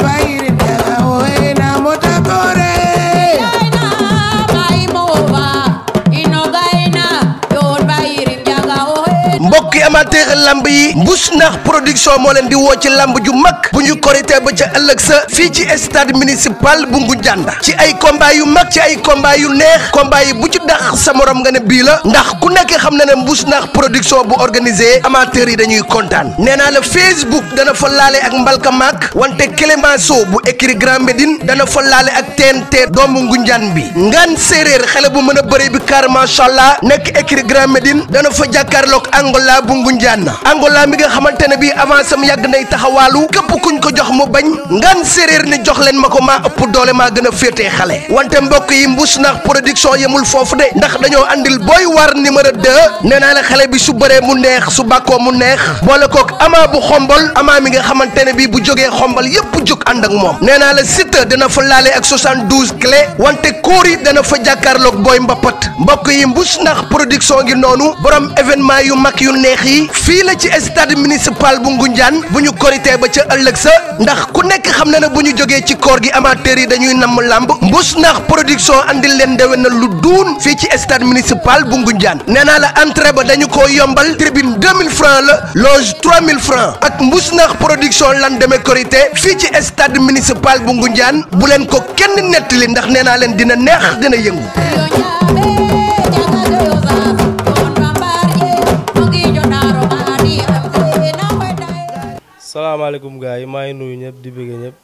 woon lamb yi mbus ndax production moo leen di woo ci làmb ju mag bu ñu korité ba ca ëllëg sa fii ci stade municipal bu Ngoundiane ci ay combat yu mag ci ay combat yu neex combat yi bu ci dax sa morom nga ne bii la ndax ku nekk xam na ne mbus ndax production bu organisé amateurs yi dañuy kontaan nee naa la Facebook dana fa laale ak Mbalka Maak wante Clémenceau bu écrit Grand Médine dana fa laale ak TNT doomu Ngoundiane bi ngan séeréer xale bu mën a bëri bi car allah nekk écrit Grand dana fa jàkkaarloog Angola bu Ngoundiane Angola mi nga xamante ne bii avance am yàgg nay taxawaalu képp kuñ ko jox mu bañ ngaan séréer ni jox leen ma ko maa ëpp doole maa gën a féetee xale wante mbokk yi mbus nax production yamul foofu de ndax dañoo andil booy war numéro 2 nee naa la xale bi su bëree mu neex su bàkkoo mu neex boole kook amaa bu xombal amaa mi nga xamante ne bii bu jógee xombal yëpp jóg ànd ak moom nee naa la Siteu dana fa laale ak 72 kle wante kóor yi dana fa jàkkaarloog booy mbappat mbokk yi mbus naax production ngi noonu borom événement yu mag yu neex yi fële ci stade municipal bu Ngunjaan bu ñu koritee ba ca ëllëg sa ndax ku nekk xam na ne bu ñu jógee ci koor gi amateur yi dañuy namm làmb mbus production indi leen dewe na lu duun fii ci stade municipal bu Ngunjaan nee naa la entrée ba dañu ko yombal tribune mil francs la loge 3000 francs ak mbus ndax production lan demee korité fii ci stade municipal bu Ngunjaan bu leen ko kenn nettali ndax nee naa leen dina neex dina yëngu asalaamaaleykum gars yi maa ngi nuyu ñëpp di bëgg ñëpp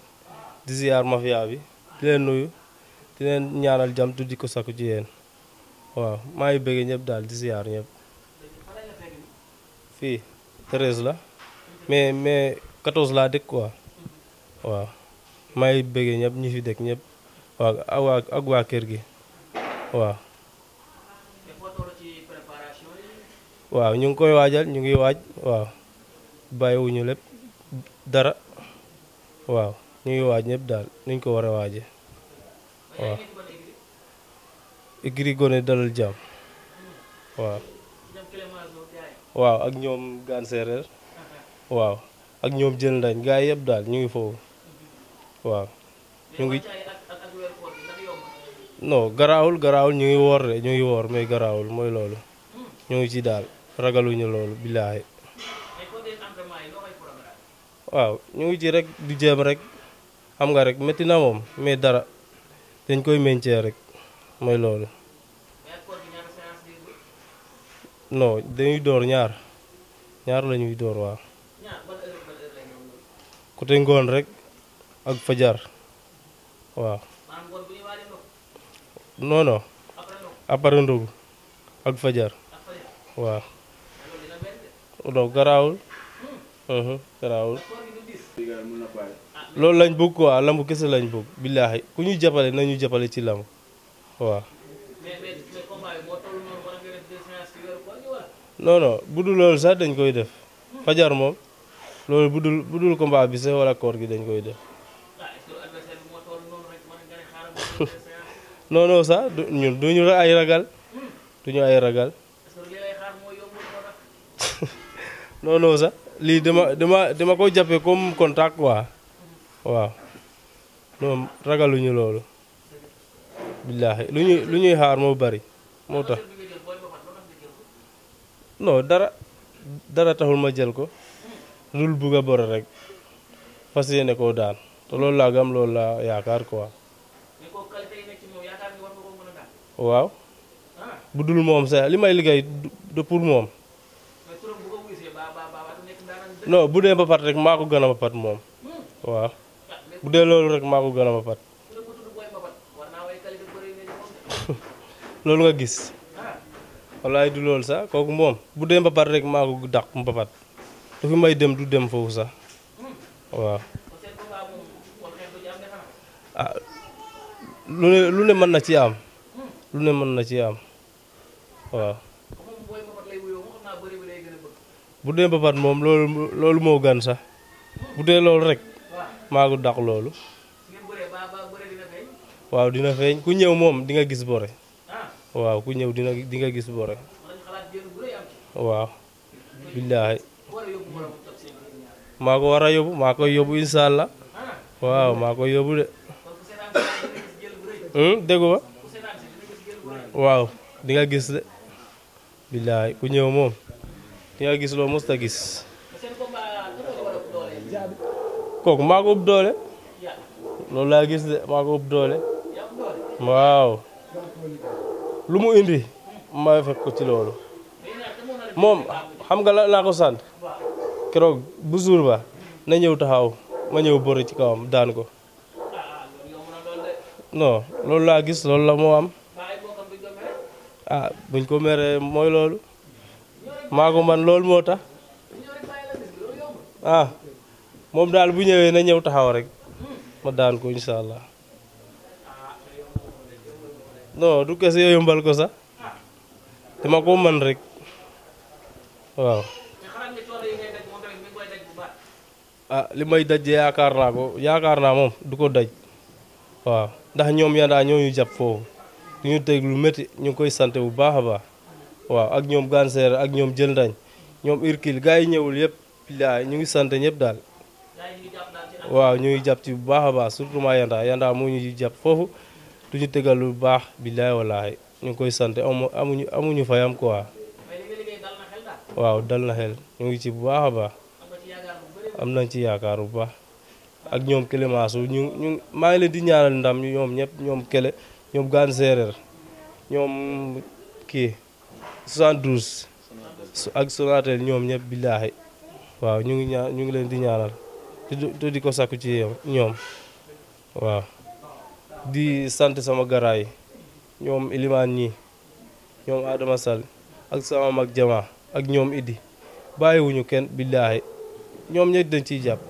di ziar mafia bi di leen nuyu di leen ñaanal jàmm tuddi ko sakku ci yéen waaw maa ngi bëgg ñëpp daal di ziar ñëpp. fii treize la mais mais quatorze laa dëkk ko waaw maa ngi bëgg ñu fi dëkk ñëpp waaw ak waa kër gi waaw. ñu ngi koy waajal ñu ngi waaj waaw bàyyiwuñu lépp. dara waaw ñu ngi waaj ñëpp daal niñ ko war a waaje waaw igri gone dalal jàmm waaw ak ñoom gaan séeréer waaw ak ñoom jën lañ gaa yëpp daal ñu ngi foofu waaw ñu ngi non garaawul garaawul ñu ngi woor de ñu ngi woor may garaawul mooy loolu ñu ngi ci daal ragaluñu loolu billaahi waaw ñu ngi ci rek di jéem rek xam nga rek metti na moom mais dara dañ koy meñcee rek mooy loolu. non dañuy door ñaar ñaar la ñuy door waaw. côté ngoon rek ak fajar waaw. non non. ndogu ak fajar waaw. donc garaawul. Uh-huh, garaawul loolu lañ bëgg quoi lamb kese lañ bëgg billaahi ku ñu jàppale nañu jàppale ci lamb waaw non sax dañ koy def fajar moom loolu bu gi dañ koy def non ñun duñu ay ragal duñu ay ragal non sax lii dama dama dama ko jàppee comme contact quoi waaw moom ragaluñu loolu billaahi lu ñuy lu ñuy xaar moo bari moo tax non dara dara taxul ma jël ko dul bugg a boro rek fas yéene koo daan te loolu laa gam loolu laa yaakaar quoi waaw ah. bu dul moom sax li may liggéey du pour moom non bu dee ba pat rek maa ko gën moom waaw bu dee loolu rek maa ko gën loolu nga gis wallaay du lool sax kooku moom bu dee ba pat rek maa ko dàq ba pat fi may dem du dem foofu sax waaw. Ah, lu ne lu ne mën na ci am lu ne mën na ci am waaw. bu dee mbapat moom loolu moo gën sax bu loolu rek maa ko dàq loolu waaw dina feeñ ku ñëw moom dinga gis bore waaw ku ñëw dina di nga gis bore waaw billaahi maa ko war a yóbbu maa koy yóbbu incha allah waaw maa koy yóbbu de hmm, déggu ba waaw di gis de billaahi ku ñëw moom yaa gis loo mos a gis. kooku maa ko ëpp doole. loolu laa gis de maa ko ëpp doole. waaw. lu mu indi. ma fekk ko ci loolu. moom xam nga la laa ko sant. keroog bu ba. na ñëw taxaw ma ñëw bëri ci kawam daan ko. non loolu laa gis loolu la moo am. ah buñ ko meree mooy loolu. maa ko man loolu moo tax ah moom daal bu ñëwee na ñëw taxaw rek ma daan ko incha allah non du kese yoo yombal ko sax dama ko man rek waaw ah li may daj yaakaar naa ko yaakaar naa moom du ko daj waaw ndax ñoom yandaa ñoo ñu jàpp foofu ñu teg lu métti ñu ngi koy sante bu baax a baax waaw ak ñoom Ganseer ak ñoom jël ndañ ñoom Hercule gars yi ñëwul yëpp daa ñu ngi sant ñëpp daal waaw ñu ngi jàpp ci bu baax a baax surtout maa yandaa yandaa moo ñu jàpp foofu du ñu tegal lu baax billaay wallaahi ñu ngi koy sant amuñu amuñu fayam quoi waaw dal na xel ngi ci bu baax a baax am nañ ci yaakaar bu baax ak ñoom Clémenceau ñu maa ngi leen di ñaanal ndam ñoom ñëpp ñoom Kélé ñoom gaan séeréer ñoom kii 72 ak Sonatel ñoom ñëpp billaahi waaw ñu ngi ñaan ñu ngi leen di ñaanal te di ko sakku ci ñoom waaw di sant sama garaay ñoom Ilimaan ñi ñoom Adama sal ak sama mag Jama ak ñoom Idi bàyyiwuñu kenn billaahi ñoom ñëpp dañ ci jàpp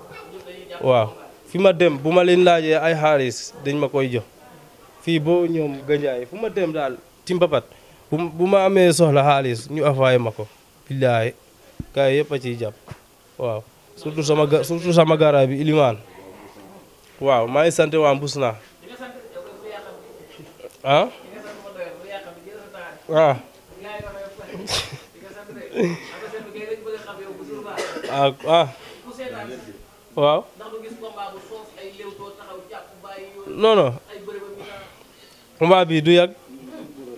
waaw fi ma dem bu ma leen laajee ay xaalis dañ ma koy jox fii boo ñoom ganjaay fu ma dem daal ci mbapat bu ma amee soxla xaalis ñu affaay ma billaahi gars yëpp a ciy jàpp waaw surtout sama surtout sama gara waaw maa ngi sant waa mbus naa ah ah, ah, ah. waaw non non combat du yàgg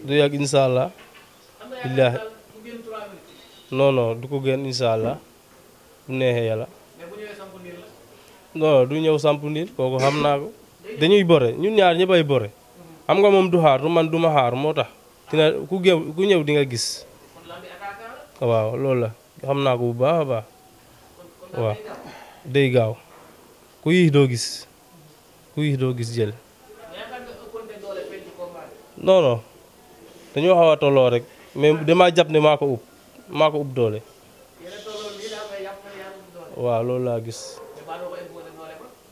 du yàgg incha allah. billaahi non du ko gën incha allah bu neexee yàlla. non du ñëw samp ndiir kooku xam naa ko. dañuy bore ñun ñaar ñëpp ay bore. xam nga moom du xaar man du ma xaar moo tax ku gë ku ñëw di nga gis. waaw loolu la xam naa ko bu baax baax. waaw day gaaw ku yiix doo gis ku yiix doo gis jël non dañoo xaw tolloo rek mais damaa jàpp ne maa ko ub maa ko ub doole. waaw loolu laa gis.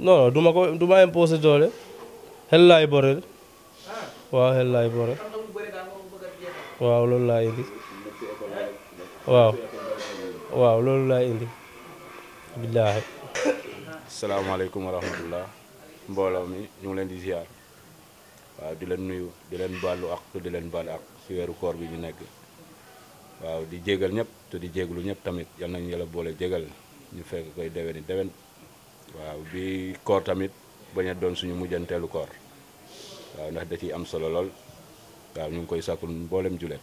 non duma ko du ma imposé doole. xel laay boreel. waaw xel laay boreel. waaw loolu laa indi. waaw. loolu laa indi. billaahi. salaamaaleykum wa rahmatullah mbooloo mi ñu ngi leen di ziar. waaw di leen nuyu di leen baalu ak di leen baalu ak si weeru koor bi ñu nekk waaw di jégal ñépp te di jéglu ñëpp tamit yal nañu yàlla boole jégal ñu fekk koy déwéni déwén waaw bi koor tamit bañ doon suñu mujjanteelu koor waaw da ciy am solo lool waaw ñu ngi koy sàkkul mboolem julet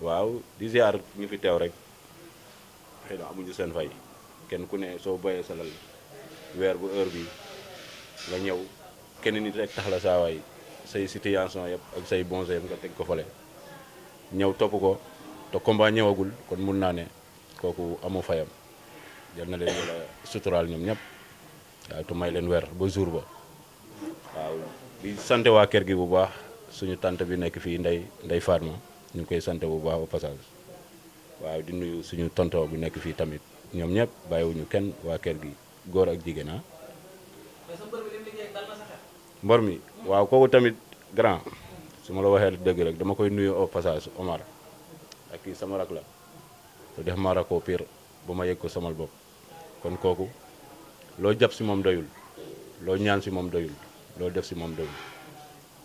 waaw di ziar ñu fi teew rek xëy amuñu seen fay kenn ku ne soo bayee salal weer bu heure bi nga ñëw kenn nit rek tax la saawaay say situation yëpp ak say bons yëpp nga teg ko fale ñëw topp ko te combat ñëwagul kon mun naa ne kooku amu fayam jël na leen wala suturaal ñoom ñëpp waaw te may leen weer ba jour ba waaw di sant waa kër gi bu baax suñu tante bi nekk fii ndey nday Fatma ñu ngi koy sant bu baax au passage waaw di nuyu suñu tonton bu nekk fii tamit ñoom ñëpp bàyyiwuñu kenn waa kër gi góor ak jigéen ah. mbor mi waaw kooku tamit grand su ma la waxee dëgg rek dama koy nuyu au passage Omar ak kii sama rak la te def ma rakoo pire ba ma yëg ko samal bopp kon kooku loo jàpp si moom doyul loo ñaan si moom doyul loo def si moom doyul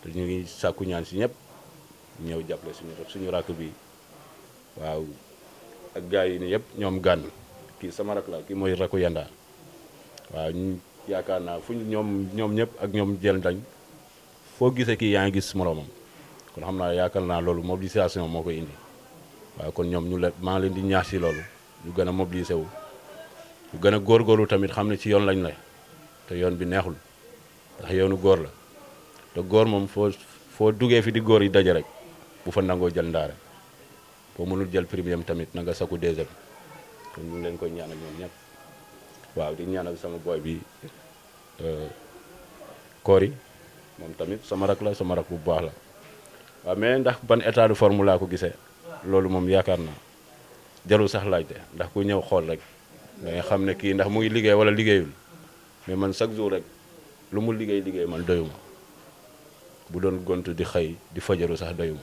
te ñu ngi sàkku ñaan si ñëpp ñëw jàppale suñu suñu rakk bi waaw ak gars yi nii yëpp ñoom gànn kii sama rak la kii mooy rakku Yanda waaw yaakaar naa fu ñoom ñoom ñëpp ak ñoom jël dañ foo gisee kii yaa ngi gis moroomam kon xam naa yaakaar naa loolu mobilisation moo koy indi waaye kon ñoom ñu la maa leen di ñaax si loolu ñu gën a mobiliser wu ñu gën a góor góorgóorlu tamit xam ne ci yoon lañ la te yoon bi neexul ndax yoonu góor la te góor moom foo foo duggee fi di góor yi daje rek bu fa nangoo jël ndaare boo mënul jël premier tamit na nga sakku deuxième kon ñu leen koy ñaanal ñoom ñëpp. waaw di ñaanal sama boy bi Kori euh, moom tamit sama rak la sama rak bu baax la waaw mais ndax ban état de forme laa ko gisee loolu moom yaakaar na jarul sax laajte ndax ku ñëw xool rek da xam ne kii ndax mu ngi liggéey wala liggéeyul mais man chaque jour rek lu mu liggéey liggéey man doyuma bu doon gont di xëy di fajaru sax doyuma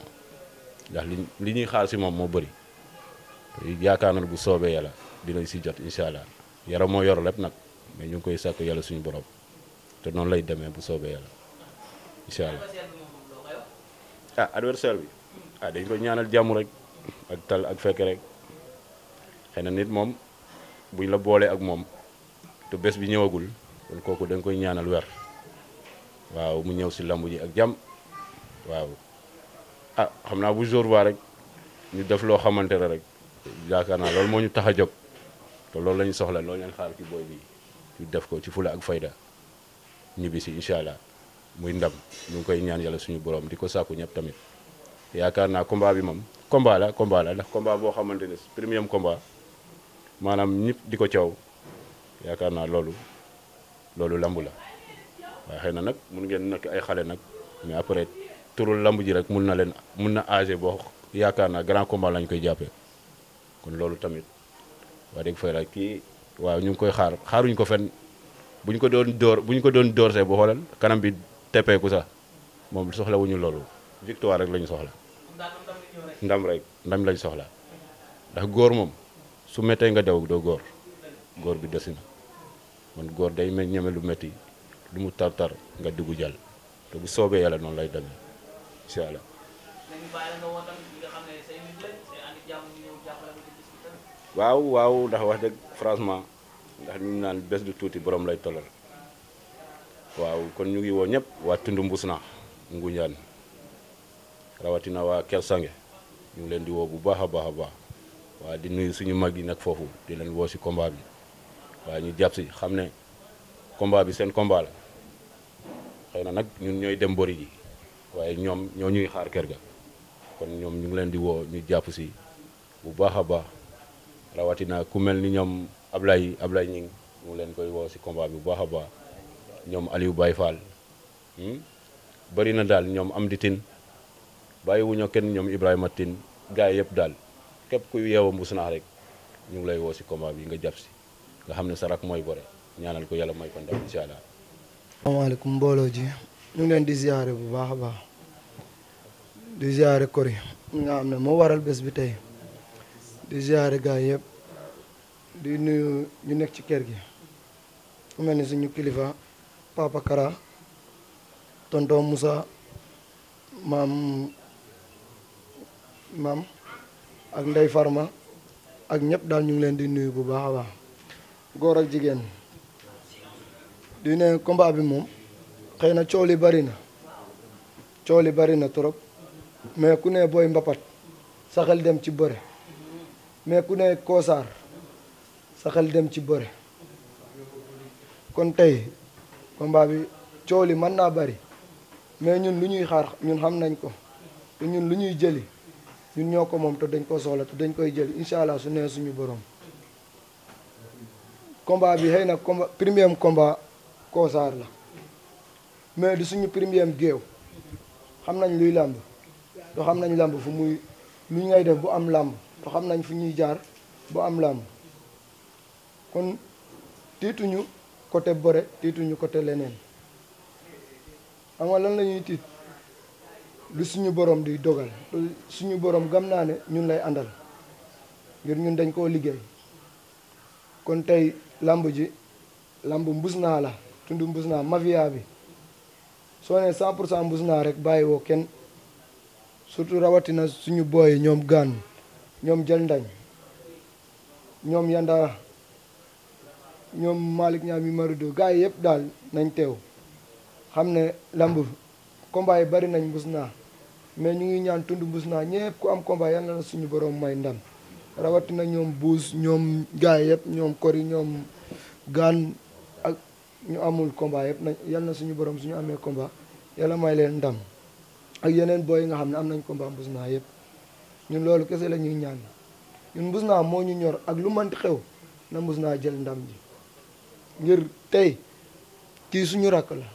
ndax li li ñuy xaar si moom moo bëri yaakaar na bu soobee yàlla dinañ si jot incha yaram moo yor lépp nag mais ñu koy sàkk yàlla suñu borom te noonu lay demee bu soobee yàlla incha allah ah adversaire bi ah, dañ ko ñaanal jàmm rek ak tal ak fekk rek xëy na nit moom buñ la boolee ak moom te bés bi ñëwagul kon kooku dañ koy ñaanal wer waaw mu ñëw si lamb ji ak jàmm waaw ah xam naa bu jour ba rek ñu def loo xamante ne rek yaakaar naa lool moo ñu tax a jóg. te loolu la ñu soxla loolu leen xaar ci booy bi ñu def ko ci fula ak fayda ñibbi si incha allah muy ndam mu ngi koy ñaan suñu borom di ko sàkku ñëpp tamit yaakaar naa combat bi moom combat la combat la boo xamante ne premier combat maanaam ñëpp di ko caw yaakaar naa loolu loolu lamb la xëy na nag mun ngeen nekk ay xale nag mais après turul lamb ji rek mun na leen mun na age boo yaakaar naa grand combat lañ koy jàppe kon loolu tamit. waa dëgg fay la kii waaw ñu ngi koy xaar xaaruñ ko fen bu ñu ko doon door bu ñu ko doon door see bu xoolal kanam bi teppeeku sax moom soxla wuñu loolu victoire rek la ñu soxla. ndam rek ndam lañ soxla ndax góor moom su mettee nga daw doo góor góor bi desina man góor day mel ñeme lu metti lu mu tar-tar nga dugg jàll te bu soobee yàlla noonu lay demee incha waaw waaw ndax wax dëgg franchement ndax ñu naan bés du tuuti boroom lay tollal waaw kon ñu ngi woo ñëpp waa tundu mbus na Ngunjaan rawatina waa Kersange ñu ngi leen di woo bu baax a baax a baax waa di nuyu suñu mag yi nag foofu di leen woo si kombaa bi waaye ñu jàpp si xam ne combat bi seen combat la xëy na nag ñu ñooy dem bori ji waaye ñoom ñoo ñuy xaar kër ga kon ñoom ñu leen di woo ñu jàpp si bu baax a baax rawatina ku mel ni ñoom Ablaye Ablaye ñing mu leen koy woo si combat bi bu baax a baax ñoom Aliou Baye Fall hmm? bëri na daal ñoom Amdi Tine bàyyiwuñu kenn ñoom Ibrahima tin gars yi yëpp daal képp kuy yeewa Mbousnakh rek ñu ngi lay woo si combat bi nga jàpp si nga xam ne sa rak mooy bore ñaanal ko yàlla may ko ndam incha allah. asalaamaaleykum mbooloo ji ñu leen di ziare bu baax a baax di ziare kori nga xam ne moo waral bés bi tey. di ziare gaa yëpp di nuyu ñu nekk ci kër gi ku mel ni suñu kilifa papa Kara tonton Moussa maam maam ak Ndey Farma ak ñépp daal ñu leen di nuyu bu baax a baax góor ak jigéen di ne combat bi moom xëy na coow li bari na coow li bari na trop mais ku ne booy mbapat saxal dem ci bëre mais ku ne Kosaar sa xel dem ci bëre kon tey combat bi coow li mën naa bari mais ñun lu ñuy xaar ñun xam nañ ko te ñun lu ñuy jëli ñun ñoo ko moom te dañ koo soxla te dañ koy jëli incha allah su nee suñu borom. combat bi xëy na combat premier komba Kosaar la mais di suñu premier géew xam nañ luy làmb te xam nañ làmb fu muy lu ñu ngay def bu am làmb te xam nañ fi ñuy jaar ba am làmb kon tiituñu côté bore tiituñu côté leneen xam nga lan la ñuy tiit lu suñu borom di dogal suñu borom gam naa ne ñun lay àndal ngir ñun dañ koo liggéey kon tey làmb ji làmb mbuus naa la tund mbuus naa mafia bi soo ne 100 pour cent mbus naa rek bàyyi kenn surtout rawatina suñu booy ñoom gaan ñoom jël ndañ ñoom yanda ñoom Malick ñaar mi marudo gars yi yëpp daal nañ teew xam ne lamb combat yi bari nañ mbus naa mais ñu ngi ñaan tund mbus naa ñëpp ku am combat yal na suñu borom may ndam rawatina ñoom buus ñoom gars yëpp ñoom kori gaan ak ñu amul combat yëpp nañ yal na suñu borom suñu amee combat yàlla may leen ndam ak yeneen booy yi nga xam ne am nañ combat mbus naa yëpp ñun loolu kese la ñuy ñaan ñun mbus naa moo ñu ñor ak lu mënti xew na mbus naa jël ndam ji ngir tey kii suñu rakk la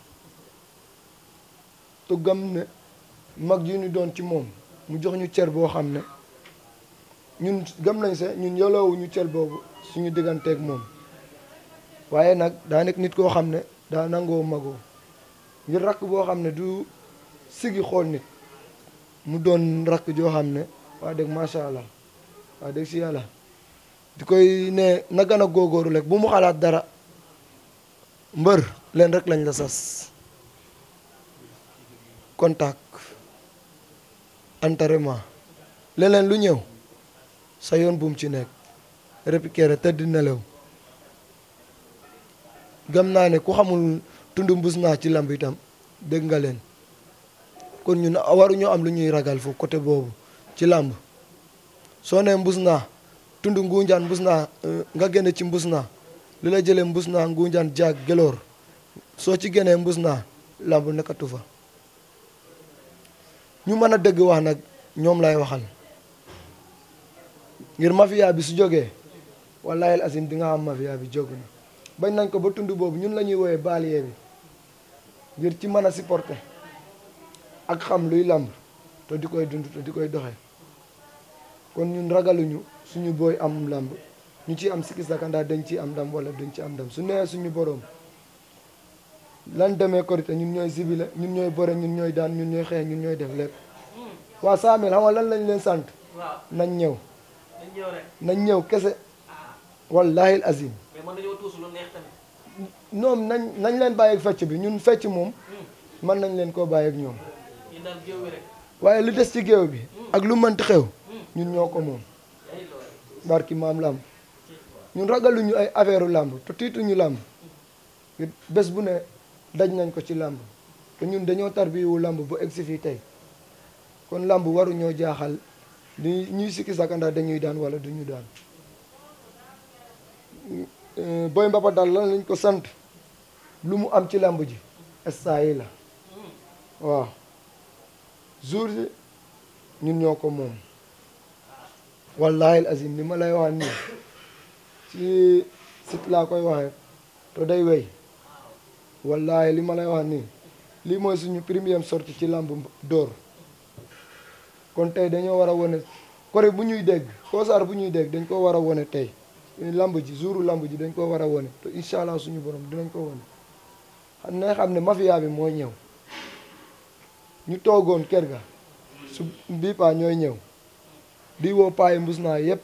te gëm ne mag yi ñu doon ci moom mu jox ñu cër boo xam ne ñun gëm nañ se ñun yoloowu ñu cër boobu suñu digganteeg moom waaye nag daa nekk nit koo xam ne daa nangoo magoo ngir rakk boo xam ne du siggi xool nit mu doon rakk joo xam ne waa dégg macha allah waa dégg si yàlla di koy ne na gën a góogóoru rek bu mu xalaat dara mbër leen rek lañ la sas contact entraînement leneen lu ñëw sa yoon bu ci nekk répiquére tëdd nelaw gëm naa ne ku xamul tund mbus naa ci lamb itam dégg nga leen kon ñu ñun waruñoo am lu ñuy ragal foofu côté boobu ci làmb soo nee mbus naa tund nguunjaan mbus naa euh, nga génne ci mbus naa li la jëlee mbus naa nguunjaan jaag geloor soo ci génnee mbuus naa làmb nekkatu fa ñu mën a dëgg wax nag ñoom lay waxal ngir mafia bi su jógee wallahi al azim di nga am mafia bi jóg na bañ nañ ko ba tund boobu ñun la ñuy woowee baaliye bi ngir ci mën a supporte ak xam luy làmb te di koy dund te di koy doxee kon ñun ragaluñu suñu booy am làmb ñu ci am sikki sakandaa dañ ci am ndam wala dañ ci am ndam su nee suñu boroom lan demee korité ñun ñooy sibile ñun ñooy bore ñun ñooy daan ñun ñooy xeex ñun ñooy def lépp hmm. waa saamil xam nga lan lañ leen sant nañ ñëw nañ ñëw kese ah. wallaahi azim ñoom nañ nañ leen bàyyi ak fecc bi ñun fecc moom hmm. mën nañ leen koo bàyyi ak ñoom waaye lu des ci géew bi hmm. ak lu mënti xew ñun ñoo ko moom barki maam làmb ñun ragaluñu ay affaire làmb te tiituñu làmb bés bu ne daj nañ ko ci làmb te ñun dañoo tarbiwu làmb bu egsi fii tey kon làmb ñoo jaaxal di ñuy sikki sakanda dañuy daan wala duñu daan boy mbappa daal lan lañ ko sant lu mu am ci làmb ji estaa la waaw jour ñun ñoo ko moom wallahi azim li ma lay wax nii ci sit laa koy waxee te day wey wallahi li ma lay wax nii lii mooy suñu première sorti ci làmb dóor kon tey dañoo war a wane kore bu ñuy dégg koosaar bu ñuy dégg dañ koo war a wane tey làmb ji jouru làmb ji dañ koo war a wane te incha allah suñu borom dinañ ko wane xam na xam ne mafia bi mooy ñëw ñu toogoon kër ga su bii ñooy ñëw di woo paayi mbus naa yëpp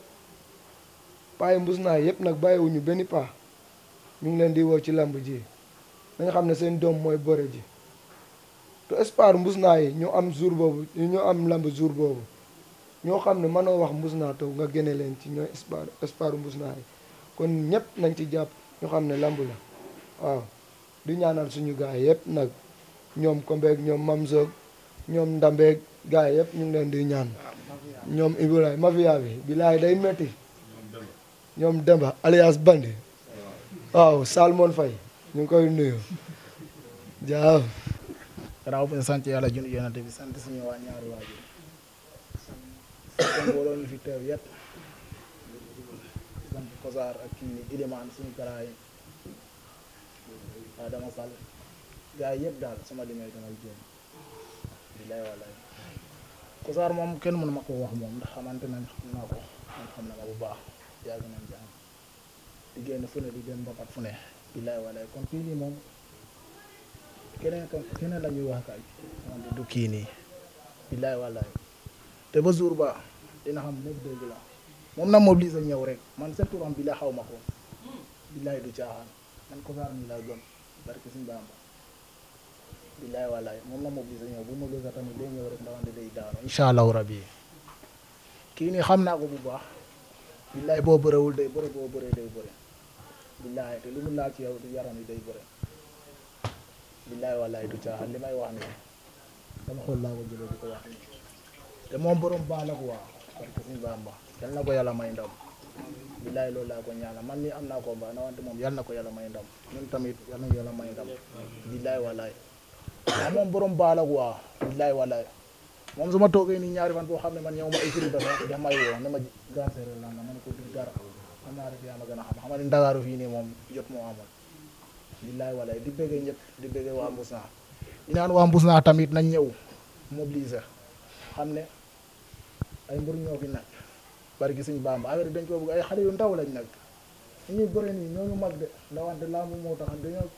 paayi mbus naa yëpp nag bàyyiwuñu benn paa ñu ngi leen di woo ci làmb ji nga xam ne seen doom mooy bëre ji te espoir mbus naa yi ñu am jour boobu ñu am làmb jour boobu ñoo xam ne mënoo wax mbus naa taw nga génne leen ci ñooy espoir espoir mbus naa yi kon ñëpp nañ ci jàpp ñu xam ne làmb la waaw di ñaanal suñu gaay yëpp nag ñoom kombeeg ñoom mamsoog ñoom ndambeeg gaay yëpp ñu ngi leen di ñaan ñoom Ibrahima mafia bi bilaay day metti ñoom Demba alias Bandi waaw Salmon Faye ñu ngi koy nuyu jaaw ganaaw sant yàlla jun yonante sant suñu waa ñaari waajur kon ak kii ni ilimaan suñu karaay waaw dama sal daal suma limee damay jéem Kosaar moom kenn mënu ma ko wax moom ndax xamante nañ xam naa ko man xam na ma bu baax yàgg nañ jàng di génn fu ne di dem mbapat fu ne billaay walaay kon kii nii moom keneen kan wax kay wante du kii nii billaay walaay te ba jour ba dina xam lépp dëgg la moom na mobilise ñëw rek man sa turam billaay xaw ma ko billaay du caaxaan man Kosaar mi laa gëm barke suñu billaay wallaay moom la mobilisé ñëw bu mobilisé tamit day ñëw rek ndawante day daanu incha allahu rabi kii nii xam naa ko bu baax billaay boo bërewul day bëre boo bëree day bëre billaay te lu mu ci yow du yaram yi day bëre billaay wallaay du caaxaan li may wax ni dama xool laa ko jëlee di ko wax ni te moom borom baax la ko waa parce que suñu baax na ko yàlla may ndam billaay loolu laa ko ñaanal man nii am naa ko mbaax na wante moom yal na ko yàlla may ndam ñun tamit yal na yàlla may ndam billaay wallaay waaw moom borom baala quoi billaay walaay moom su ma toogee nii ñaari fan boo xam ne man ñëw ma écrit dafa daf may woo ne ma grand séeréer la ma ne ko du dara xam naa rek yaa a xam xam ne fii nii moom jot moo amoon billaay walaay di bëggee ñëpp di bëggee waa mbus naa di waa mbus naa tamit nañ ñëw mobiliser xam ne ay mbir ñoo fi nag bari gi suñ Bàmba affaire dañ ko bëgg ay xale yu ndaw lañ nag ñu ñuy nii ñooñu mag de ndawante laamu moo tax dañoo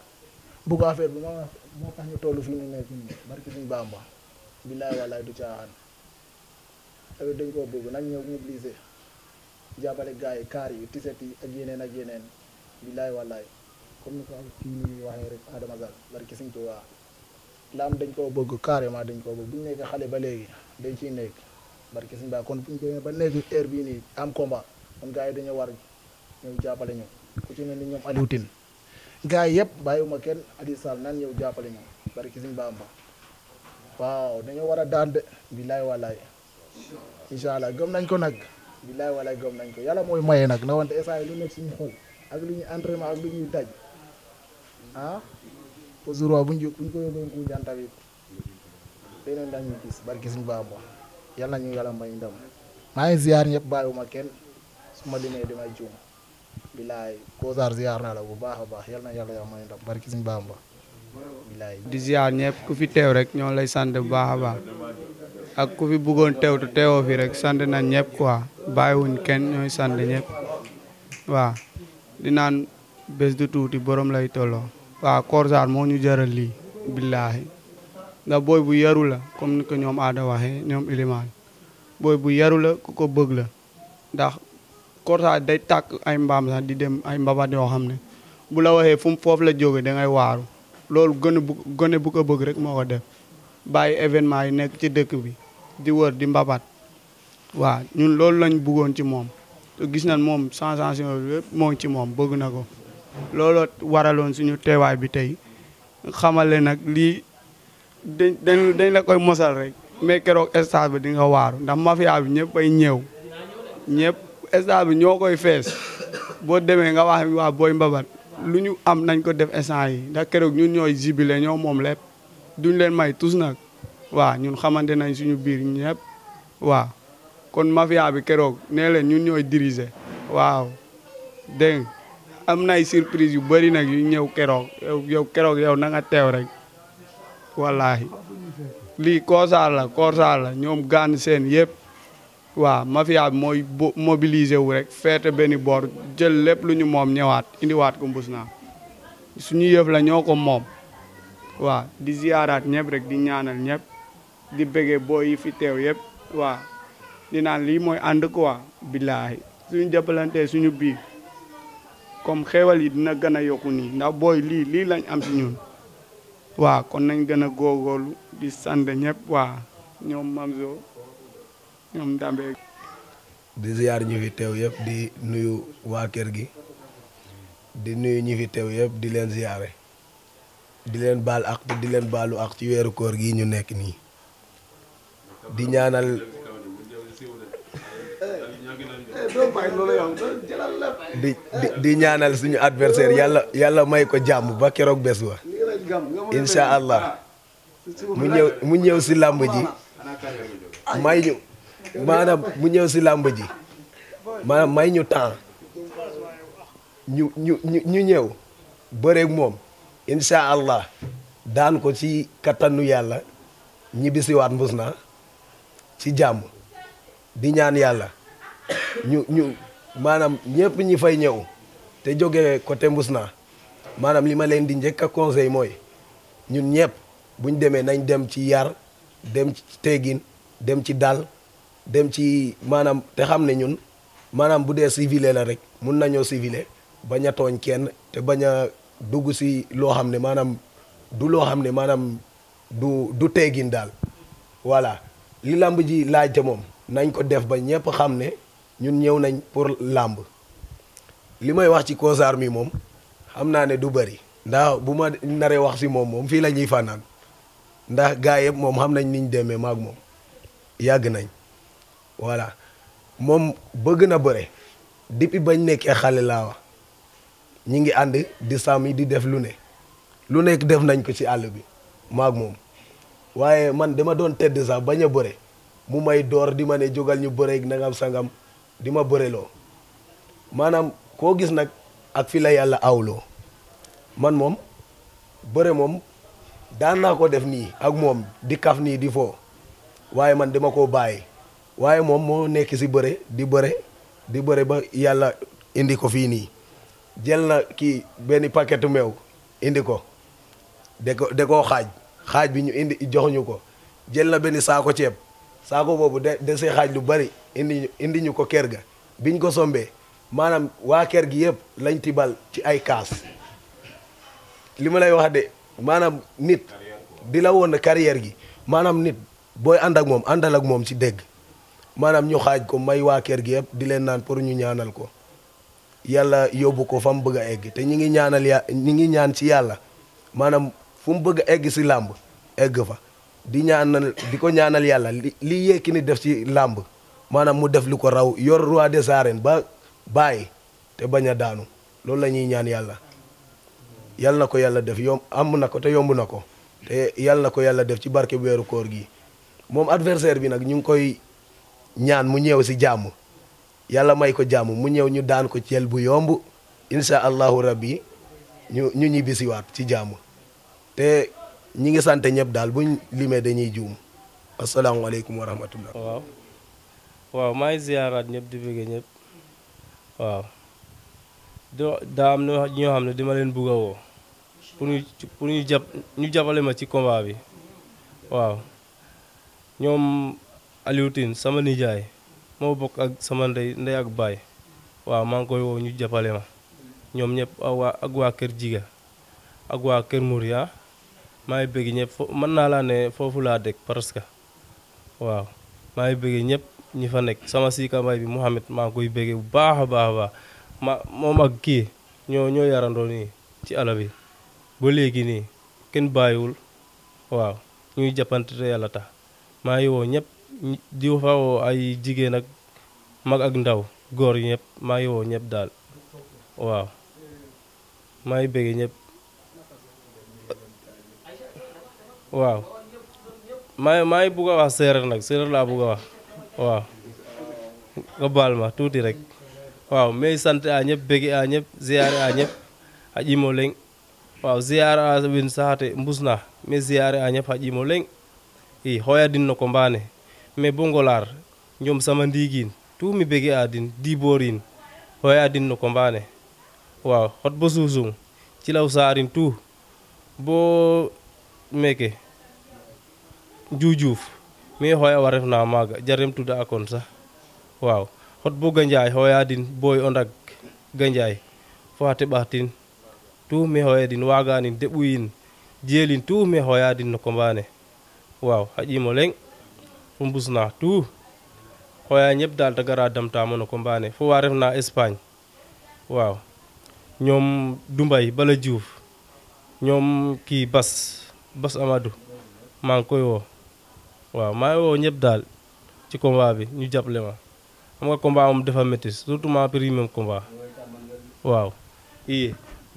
bëgg affaire bi ma moo tax ñu toll fi mu nekk nii barki suñu Bàmba billaay wallaay du caaxaan dañ koo bëgg nag ñëw mobiliser jàppale gars yi kaar yi tiset yi ak yeneen ak yeneen billaay wallaay comme ni ko kii nii waxee rek Adama Sall barki suñ Tuubaa laam dañ koo bëgg carrément dañ koo bëgg bu nekk xale ba léegi dañ ciy nekk barki suñ Bàmba kon bu ñu demee ba nekk heure bii nii am combat kon gars yi dañoo war ñëw jàppale ñu ku ci ne ni ñoom Aliou Tine gaa yëpp bàyyiwuma kenn Aliou Sall naan ñëw jàppale ñu barki Sëñ Bamba waaw dañoo war a daan de billaay wallaay incha allah gëm nañ ko nag billaay wallaay gëm nañ ko yàlla mooy maye nag na wante essayé lu nekk suñu xol ak lu ñuy entraînement ak lu ñuy daj ah toujours waaw bu ñu bu ñu ko yóbbu ku jant bi leneen dañuy gis barki Sëñ Bamba yàlla nañu yàlla may ndam maa ngi ziar ñëpp bàyyiwuma kenn su ma limee damay juum. bilaay Kosaar ziar naa la bu baax a baax yal na yàlla yàlla may ndam barki suñu di ziar ñëpp ku fi teew rek ñoom lay sant bu baax a ak ku fi bëggoon teew te teewoo fi rek sant nañ ñëpp quoi bàyyiwuñ kenn ñooy sant ñëpp waaw di naan bés du tuuti borom lay tolloo. waa Kosaar moo ñu jaral lii billaahi ndax booy bu yaru la comme ni ko ñoom aada la ko bëgg la ndax Corsa day tàkk ay mbaam sax di dem ay mbabat yoo xam ne bu la waxee fu mu foofu la jóge da ngay waaru loolu gënu bu gone bu ko bëgg rek moo ko def bàyyi événement yi nekk ci dëkk bi di wër di mbabat waaw ñun loolu lañ bëggoon ci moom gis nañ moom sensation bi yëpp moo ci moom bëgg na ko looloo waraloon suñu teewaay bi tey xamale nag lii dañ dañ dañ la koy mosal rek mais keroog stade bi di nga waaru ndax mafia bi ñëpp ay ñëw ñëpp stade bi ñoo koy fees boo demee nga wax waa booy mbabat lu ñu am nañ ko def instant yi ndax keroog ñun ñooy jibile ñoo moom lépp duñ leen may tous nag waaw ñun xamante nañ suñu biir ñëpp waaw kon mafia bi keroog nee leen ñun ñooy diriger waaw dégg am na ay surprise yu bari nag yu ñëw keroog yow keroog yow na nga teew rek wallaahi lii koosaar la koosaar la ñoom gaan seen yëpp waaw mafia bi mooy mobiliser wu rek feete benn boor jël lépp lu ñu moom ñëwaat indiwaat ko mbus naa suñu yëf la ñoo ko moom waaw di ziyaaraat ñëpp rek di ñaanal ñëpp di bëggee boo yi fi teew yëpp waa di naan lii mooy ànd waa billaahi suñu jàppalantee suñu biir comme xewal yi dina gën a yokku nii nda booy lii lii lañ am si ñun waaw kon nañ gën a góorgóorlu di sant ñëpp waa ñoom Mamzo di ziar ñi fi teew yëpp di nuyu waa kër gi di nuyu ñi fi teew yëpp di leen ziare di leen baal ak di leen baalu ak ci weeru koor gi ñu nekk nii di ñaanal di di ñaanal suñu adversaire yàlla yàlla may ko jàmm ba keroog bés wa incha allah mu ñëw mu ñëw si làmb ji may ñu maanaam mu ñëw si làmb ji maanaam may ñu temps ñu ñu ñëw bëreek moom incha allah daan ko ci kattanu yàlla ñibbisiwaat mbus naa ci jàmm di ñaan yàlla ñu ñu maanaam ñëpp ñi fay ñëw te jógee côté mbus naa maanaam li ma leen di njëkk a conseil mooy ñun ñëpp buñ demee nañ dem ci yar dem ci teggin dem ci dal dem ci maanaam te xam ne ñun maanaam bu dee civilé la rek mun nañoo civilé ba ña tooñ kenn te bañ a dugg si loo xam ne maanaam du loo xam ne maanaam du du teegin daal voilà li làmb ji laajte moom nañ ko def ba ñëpp xam ne ñun ñëw nañ pour làmb li may wax ci Kosaar mi moom xam naa ne du bëri ndax bu ma naree wax si moom moom fii la ñuy fanaan ndax gaa yëpp moom xam nañ niñ demee maag moom yàgg nañ voilà moom bëgg na bëre depuis bañ nekkee xale laa wax ñi ngi ànd di sàmm yi di def lu ne lu nekk def nañ ko ci àll bi maag moom waaye man dama doon tedd sax bañ a bëre mu may door di ma ne jógal ñu bëre ak nangam sangam di ma bëreloo maanaam koo gis nag ak fi la yàlla awloo man moom bëre moom daan naa ko def nii ak moom di kaf nii di foo waaye man dama koo bàyyi waaye moom moo nekk si bëre di bëre di bëre ba yàlla indi ko fii nii jël na kii benn paquetu meew indi ko de ko de koo xaaj xaaj bi ñu indi jox ñu ko jël na benn saako ceeb saako boobu de de xaaj lu bari indi indi ñu ko kër ga biñ ko sombee maanaam waa kër gi yëpp lañ tibal ci ay kaas li ma lay wax de maanaam nit di la woon carrière gi maanaam nit booy ànd ak moom àndal ak moom ci dégg maanaam ñu xaaj ko may waa kër gi yëpp di leen naan pour ñu ñaanal ko yàlla yóbbu ko fa mu bëgg a egg te ñu ngi ñaanal ya ñi ngi ñaan ci yàlla maanaam fu mu bëgg egg si làmb egg fa di ñaanal di ko ñaanal yàlla li li ni def ci làmb maanaam mu def lu ko raw yor roi des arènes ba bàyyi te bañ a daanu loolu la ñuy ñaan yàlla yàlla na ko yàlla def yomb am na ko te yomb na ko te yàlla na ko yàlla def ci barke weeru koor gi moom adversaire bi nag ñu ngi koy ñaan mu ñëw si jàmm yàlla may ko jàmm mu ñëw ñu daan ko cel bu yomb incha allahu rabbi ñu ñu ñibbisiwaat ci jàmm te ñi ngi sant ñëpp daal buñ limee dañuy juum asalaamaaleykum wa rahmatullah waaw waaw maa ngi ziyaaraat ñëpp di bëgg ñëpp waaw daa am na ñoo xam ne dima leen bugg a woo pour ñu pour jàpp ñu jàppale ma ci combat bi waaw ñoom Aliou sama nijaay moo bokk ak sama ndey ndey ak baay waaw maa ngi koy woo ñu jàppale ma ñoom ñëpp waa ak waa Kër Jiga ak waa Kër Mouria maa ngi bëgg ñëpp mën naa laa ne foofu laa dëkk presque waaw maa ngi bëgg ñëpp ñi fa nekk sama sikamay bi Mouhamed maa ngi koy bëggee bu baax a baax baax ma moom ak kii ñoo ñoo yarandoo nii ci àll bi ba léegi nii kenn bàyyiwul waaw ñuy jàppante yàlla tax maa ngi woo ñëpp di fa ay jigéen ak mag ak ndaw góor ñëpp maa ngi woo ñëpp daal waaw maa ngi bëgg waaw maa maa ngi wax séeréer nag séeréer laa bugg wax waaw nga baal ma tuuti rek waaw may sant a ñëpp bëgg a ñëpp ziyaare a ñëpp a ƴimo leŋ waaw ziyaare a win saxate mbus na mais ziyaare a ñëpp a ƴimo leŋ i xooyadin no ko mbaane mais bongolaar ñoom sama ndiigin tuumi bege adin diiborin hoye adin no kombane waaw hot bo suusung cilaw saarin tout bo meke juujuuf mais hoya wa refna maaga jarem tuda akon sax waaw hot bo ganjaay hoyadin booy o ndag ganjaay fo xa teɓaxtin tout mais hoyadin waaganin deɓuyin jeelin tout mais hoyadin no kombane waaw xa ƴiimo mbusna tout xoya ñëpp daal te gara damtamano ko mbaane fo wa refna Espagne waaw ñoom Dumbay Bala Diouf ñoom kii Bas Bas Amadou maa ngi koy woo waaw maa ngi woo ñëpp daal ci combat bi ñu jàppale ma xam nga combat moom dafa métti surtout ma premium combat waaw i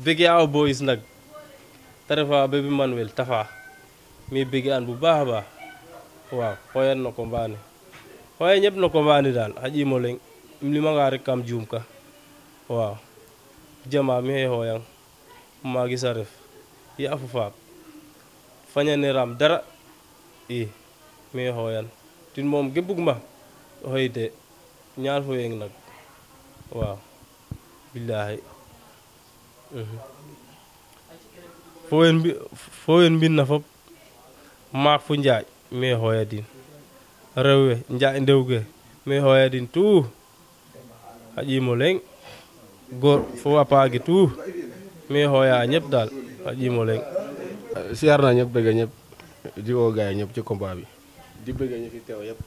bëgg aaw boys nag te refa Baby Manuel Tafa mi bëgg aan bu baax baax waaw hoyan no ko mbaane hoya ñëpp no ko mbaani daal a ƴiimo leŋ im limanga rek kam juum ka waaw jama mi xey xooyang maagis a ref ya fo faap fañaneraam dara i mi xey xooyan tin moom ge bugma xëy de ñaar fo yeng nag waaw billahi mhm. fo wen mbin na fop maak fo njaaj mi hoya din rewɓe jandewgue e mi hoya din tout haƴimo leng goor fo a paagi tout mi hoya ñëpp daal haƴimo leng siyaar naa ñëpp bëgg ñëpp di woo gaay ñëpp ci combat bi di bëgg ñu fi teew yëpp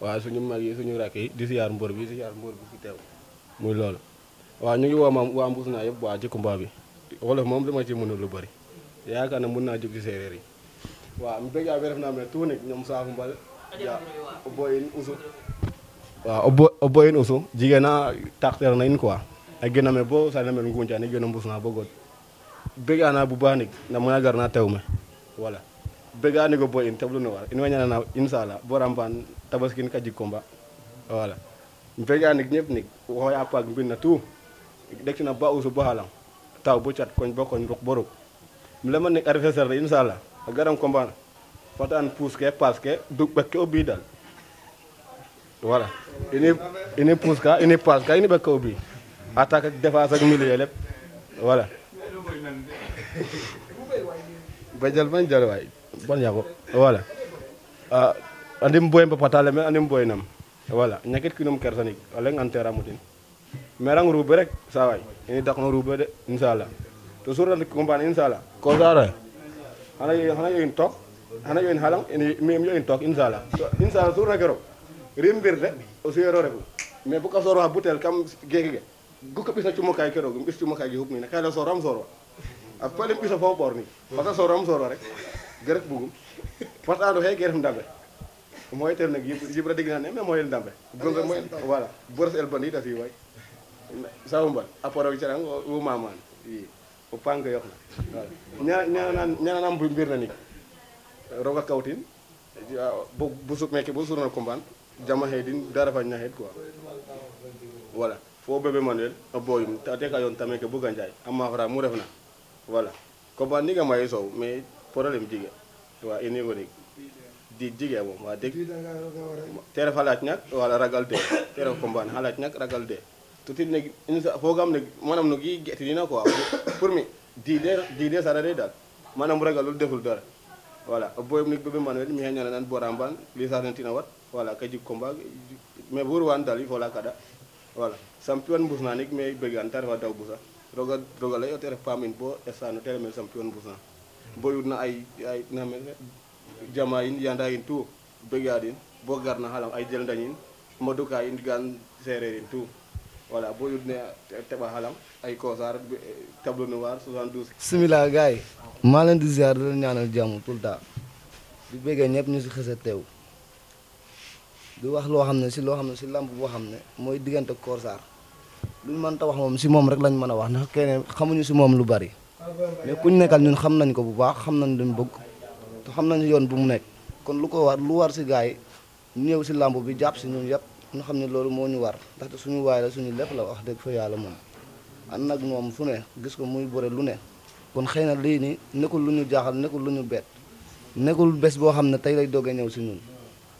waaw suñu mag yi suñu rakk yi di siyaar mbër bi siyaar mbër bi fi teew muy loolu waaw ñu ngi woo maam waa mbuus naa yëpp waa ci combat bi wolof moom dama ci mënul lu bëri yaakaar na mën naa jóg ci séeréer yi waaw mi ɓegaa ɓe refna mene tout nek ñoom saafu mbal ja o in usu waaw o boy in usu jigéen a taxteer na in quoi a gena boo bo sana men nguncaan i geno mbusna bo god begaana bu baax nik na mën a garna tew me wala bega nego boy in teɓlu no war in way ñanana insala bo rampaan tabaskin ka jik komba wala mbega nik ñëpp nik waxoya paag mbinna tout na ba usu bo xalam taw bo cat koñ bo koñ ruk bo ruk mi lema nik a refe sarde insala agaran comprendre fata an pousse ke parce que dug ɓakke o bii dal ini ini ka ini passe ka ini ɓakke o bii attaque ak défense ak milieu lépp voilà bajal man jal waay bon yako voilà andim boyen papatale men andim boyenam voilà ñakit kinum kersanik a leng an teeramutin merang ruube rek sa waay ini dakno ruube de inchallah toujours an comprendre inchallah ko saara hana hana yoyin took hana yoyin haalang min yoyin took inchallah inchallah suurna ke roog rembirde o sereer o refu mais boka soor wa butel kam geeke ge guko ɓisa cumokay ke roog um ɓis cumokay ke xupnina ka le sooram soor wa a pale ɓisa fo ɓoorni parce que sooram soor wa rek ge rek bugum parce que ando xe ke ref ndambe mooy ten nag Djiby dégg naa ne mais mooy mooy voilà boros el bandit a siwaay sawo mbal a poro carang upanga yoxna ñana ñana ñana mbirna ni roga kawtin bo busuk meke bo surna komban jama hedin dara fa ñahet quoi voilà fo bébé manuel a boyum tate ka yon tameke buga njaay amma fara mu refna voilà komban ni ga may sow mais problème jige wa ini go dik di jige mom wa deg te refa laaj ñak wala ragal de te ref komban ha laaj ñak ragal de tutirnegi insa fogam negi manam no gi getinina quoi pour mi dide dide sarare dal manam ragalul deful dara voilà boyum negi bebe man mi heñana nan boramban li sarntina wat voilà ka jik combat mais bur wan dal fola kada voilà champion busna negi mais began tar fa daw busa roga roga lay otere famin bo esano tere mel champion busna boyudna ay ay namel jama in yanda in tout begadin bo garna halam ay jel dañin moduka in gan voilà boo yónnee Teba Xalam ay Kosaar tableau noir 72. simila gars yi maa leen di ziar di leen ñaanal jàmm tout le bëggee ñëpp ñu si xëse teew di wax loo xam ne si loo xam ne si lamb boo xam ne mooy diggante Kosaar lu mën ta wax moom si moom rek lañ mën a wax ndax keneen xamuñu si moom lu bari mais kuñ nekkal ñun xam nañ ko bu baax xam nañ luñ bëgg te xam nañ yoon bu mu nekk kon lu ko war lu war si gars yi ñëw si lamb bi jàpp si ñun yëpp. ñu xam ne loolu moo ñu war ndaxte suñu waay suñu lépp la wax dëgg fa yàlla moom ànd nag moom fu ne gis ko muy bëre lu ne kon xëy na lii nii nekkul lu ñu jaaxal nekkul lu ñu bett nekkul bés boo xam ne tey lay doge ñëw si ñun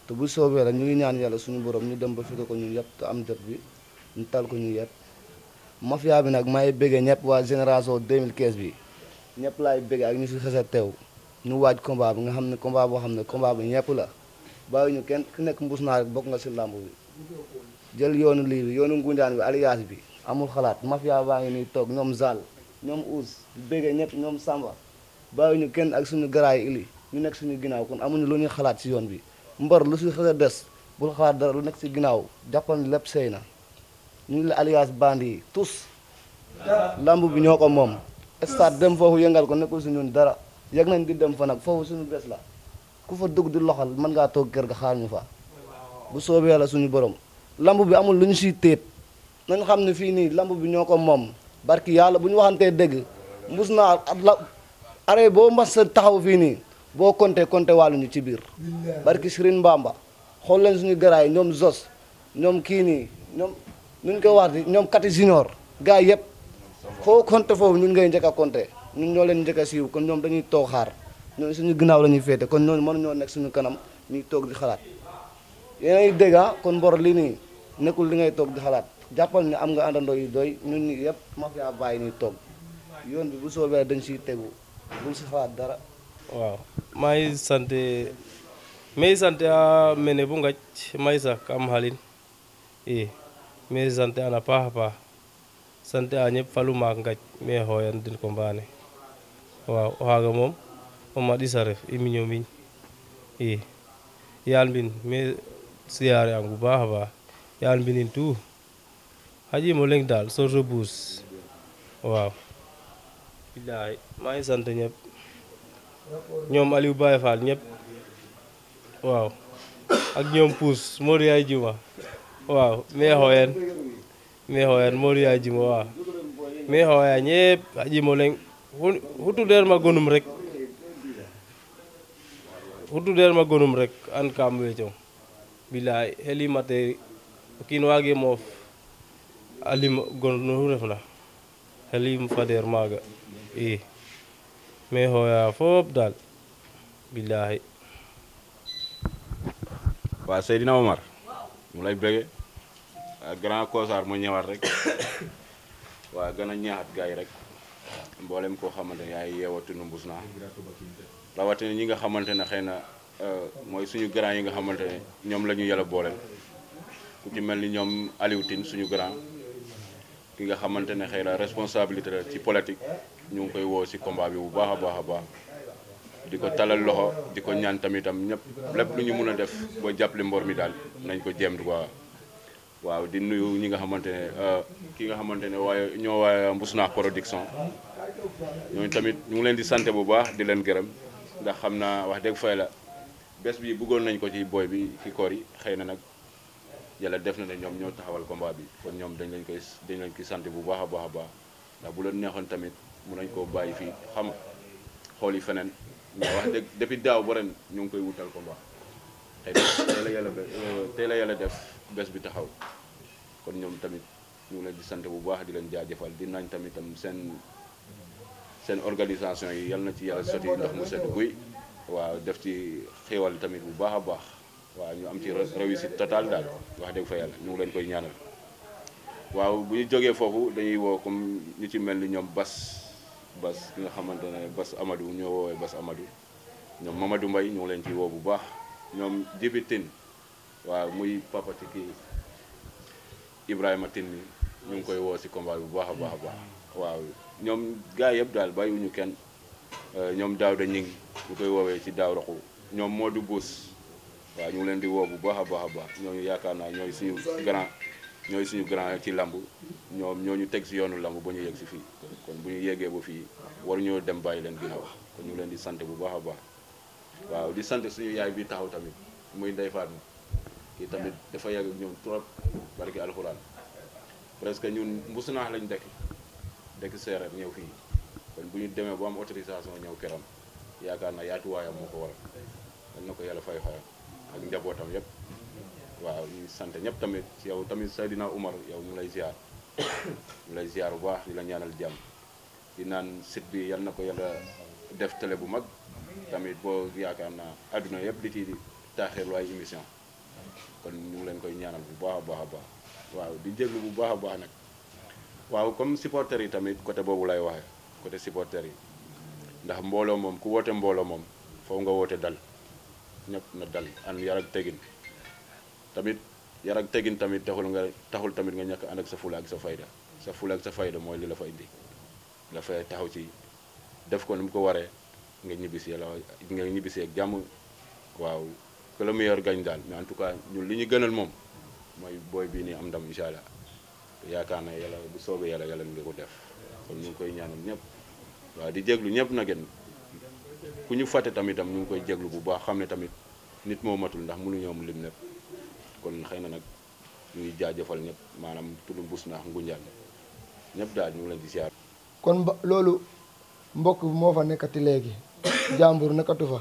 te bu soobee rek ñu ngi ñaan yàlla suñu borom ñu dem ba ko ñun yëpp te am jot ñu tal ko ñu yëpp mafia bi nag may bëggee ñëpp waa génération 2015 bi ñëpp laay bëggee ak ñu si xese teew ñu waaj combat bi nga xam ne combat boo xam ne combat bi ñëpp la bàyyi ñu kenn ku nekk mbuus naa rek bokk nga si làmb bi jël yoonu lii yoonu ngundaan bi alliance bi amul xalaat mafia baa ngi nii toog ñoom Zal ñoom Ousse di béggee ñëpp ñoom Samba bàyyi ñu kenn ak suñu garaay ili ñu nekk suñu ginnaaw kon amuñu lu ñuy xalaat ci yoon bi mbar lu su xësa des bul xalaat dara lu nekk si ginnaaw jàppal ni lépp sëy na ñu ngi la alliance band yi tous bi ñoo ko moom stade dem foofu yëngal ko nekkul si ñun dara yeg nañ di dem fa nag foofu suñu bés la ku fa dugg di loxal mën ngaa toog kër ga xaar fa bu soobee yàlla suñu borom lamb bi amul lu ñu siy téet nañ xam ne fii nii lamb bi ñoo ko moom barki yàlla bu ñu waxantee dëgg mbus naa at la arrêt boo mas sa taxaw fii nii boo compté compté wàlluñu ci biir barki Sëriñ Bamba xool leen suñu garaay ñoom Zos ñoom kii nii ñoom nuñ koy wax di ñoom kati junior gars yëpp foo compté foofu ñun ngay njëkk a compté ñun ñoo leen njëkk a siiw kon ñoom dañuy toog xaar ñooñu suñu ginnaaw la ñuy féete kon ñooñu mënuñoo nekk suñu kanam ñuy toog di xalaat yéenay dégg ah, kon mbor lii nii nekkul li ngay toog di xalaat jàppal ni am nga àndandoo yu doy ñun ñi yëpp mafia bàyyi ni toog yoon bi bu soobee dañ siy tegu bul si xalaat dara waaw maa ngi sant mais sant a ah, mene bu ngaj may sax am xalin i mais sant an paax a paax sant a ñëpp falu maak ngaj mais xooyan den ko mbaane waaw o xaaga moom o maɗis a ref i miño miñ i yaal mbin siyaare am bu baax a baax yaan mbinin tout xajimo leng daal sorto buus waaw billaay maa ngi sant ñëpp ñoom Aliou Baye Fall ñëpp waaw ak ñoom puus Modou Yaay Juma waaw meexooyeen meexooyeen Modou Yaay Juma waaw meexooyaa ñëpp xajimo leng xutu deer ma gonum rek xutu deer ma gonum rek an kam wecow billaay helimate kiin waage moof alim gon nu refna helim fadeer maaga i e. me xooya foop daal billahi waa Seydina Omar mu lay bëgge waa grand kosaar moo ñëwaat rek waa gën a ñaaxat gars rek mboolem koo xamante ne yaay yeewatu nu mbus naa rawatina ñi nga xamante ne Euh, mooy suñu grand yi nga xamante ne ñoom la ñu yàlla booleel ku ci mel ni ñoom Aliou Tine suñu grand ki nga xamante ne xëy na responsabilité la ci politique ñu ngi koy woo si combat bi bu baax a baax a baax di ko talal loxo di ko ñaan tamitam ñëpp lépp lu ñu mun a def boo jàppale mbor mi daal nañ ko jéem quoi waaw di nuyu ñi nga xamante ne euh, ki nga xamante ne waaye ñoo waaye Mbousnakh production ñooñu tamit ñu ngi leen di sant bu baax di leen gërëm ndax xam naa wax dëgg fay la. bes bi bëggoon nañ ko ci booy bi ci koor yi xëy na nag yàlla def na ne ñoom ñoo taxawal kombaa bi kon ñoom dañ lañ koy dañ lañ koy sant bu baax a baax a baax ndax bu leen neexoon tamit mun nañ koo bàyyi fii xam xool yi feneen mais wax dëgg depuis daaw ba ren ñu ngi koy wutal combat xëy na tey euh, def bés bi taxaw kon ñoom tamit ñu ngi leen di sant bu baax di leen jaajëfal di nañ tamit tam seen seen organisation yi yal na ci yàlla sotti ndox mu sedd guy waaw def ci xéwal tamit bu baax a baax waaw ñu am ci réussite totale daal wax dëgg fa yàlla ñu ngi leen koy ñaanal waaw bu ñu jógee foofu dañuy woo comme ñu ci mel ni ñoom Bas Bas ki nga xamante ne Bas Amadou ñoo woowee Bas Amadou ñoom Mamadou Mbaye ñu ngi leen ciy woo bu baax ñoom Jibi Tine waaw muy papa ci kii Ibrahima Tine ñu ngi koy woo si combat bu baax a baax a baax waaw ñoom gars yëpp daal bàyyiwuñu kenn. Euh, ñoom daaw da ñing bu koy woowee ci daaw raxu ñoom moo du buus waaw ñu ngi leen di woow bu baax a baax a baax ñoo ñu yaakaar naa ñooy suñu grand ñooy suñu grand ci lamb ñoom ñoo ñu teg si yoonu lamb ba ñu yegg si fii kon bu ñu yeggee ba fii waruñoo dem bàyyi leen ginnaaw kon ñu ngi leen di sant bu baax a baax waaw di sant suñu yaay bi taxaw tamit muy Ndeye Fatma kii tamit dafa yàgg ñoom trop barki alxuraan presque ñu ñun mbusunaax lañ dekk dekk séeréer ñëw fii kon bu ñu demee bu am autorisation ñëw këram yaakaar naa yaatuwaayam moo ko waral dañ na ko yàlla fay fayam ak njabootam yëpp waaw ñu sant ñëpp tamit yow tamit Seydina Omar yow ñu lay ziar ñu lay ziar bu baax yi la ñaanal jàmm di naan sit bi yal na ko yàlla def télé bu mag tamit boo yaakaar naa adduna yëpp di ci taaxeerlu ay émission kon ñu ngi leen koy ñaanal bu baax a baax a baax waaw di jéglu bu baax a baax nag waaw comme supporters yi tamit côté boobu lay waxee côté supporters yi ndax mbooloo moom ku woote mbooloo moom foofu nga woote dal ñëpp na dal ànd yar ak tegin tamit yar teggin tamit taxul nga taxul tamit nga ñàkk ànd ak sa fula ak sa fayda sa fula ak sa fayda mooy li la fa indi la fa taxaw ci def ko ni mu ko waree nga ñibbisee la nga ñibbisee ak jàmm waaw que le meilleur gagne daal mais en tout cas ñun li ñu gënal moom mooy booy bii nii am ndam incha allah yaakaar na yàlla bu soobee yàlla yàlla nga ko def. kon ñu koy ñaanal ñëpp di jéglu ñëpp nag ku ñu fàtte tamitam ñu ngi koy jéglu bu baax xam ne tamit nit moo matul ndax mënu ñoom lim ñëpp kon xëy na nag ñu ngi jaajëfal ñëpp maanaam tudd bus naax ngunjaan ñëpp daal ñu ngi leen di siyaar kon loolu mbokk moo fa nekkati léegi jàmbur nekkatu fa